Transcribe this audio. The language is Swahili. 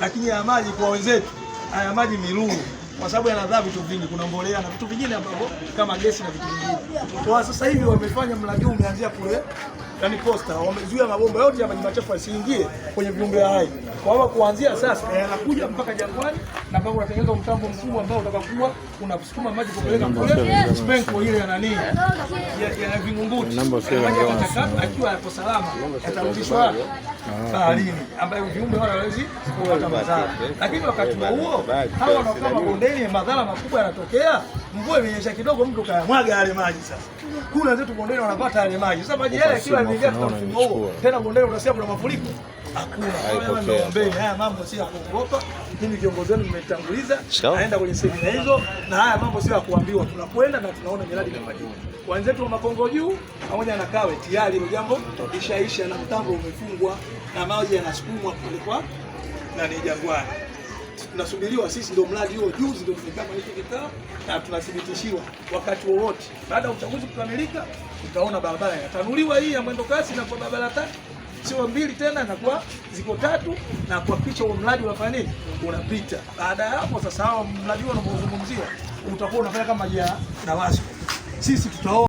lakini ya maji kwa wenzetu, haya maji ni kwa sababu yanadhaa vitu vingi, kuna mbolea na vitu vingine ambavyo kama gesi na vitu vingine. Kwa sasa hivi wamefanya mradi umeanzia kule na ni posta wamezuia mabomba yote ya maji machafu yasiingie kwenye viumbe hai. Kwa hiyo kuanzia sasa eh, yanakuja mpaka Jangwani na mpaka unatengeneza mtambo mkubwa ambao utakuwa unasukuma maji kupeleka kule spenko ile ya nani ya Vingunguti, akiwa yako salama atarudishwa Baharini, ambayo viumbe wala hawezi kupata madhara. Lakini wakati huo hawa wanakuwa mabondeni, madhara makubwa yanatokea mvua imenyesha kidogo, mtu kayamwaga yale maji. Sasa kuna wenzetu bondeni wanapata yale maji. Sasa maji yale akiwa yameingia katika mfumo huo, tena bondeni unasikia kuna mafuriko, hakuna. Naombeni haya mambo sio ya kuogopa. Mimi kiongozi wenu nimetanguliza, naenda kwenye semina hizo, na haya mambo sio ya kuambiwa. Tunakwenda na tunaona miradi inafanyika. Wenzetu wa Makongo Juu pamoja na Kawe tayari hilo jambo ishaisha, na mtambo umefungwa na maji yanasukumwa kulikwa na ni Jangwani tunasubiriwa sisi, ndio mradi huo juzi ndio tumekaa hiki kikao na tunathibitishiwa wakati wowote baada ya uchaguzi kukamilika, tutaona barabara inatanuliwa hii ya mwendo kasi na kwa barabara tatu sio mbili tena, kwa ziko tatu, na kuhakikisha huo mradi unafanya nini, unapita. Baada ya hapo sasa, hao mradi huo unaozungumziwa utakuwa unafanya kama ya Dawasco, sisi tutaona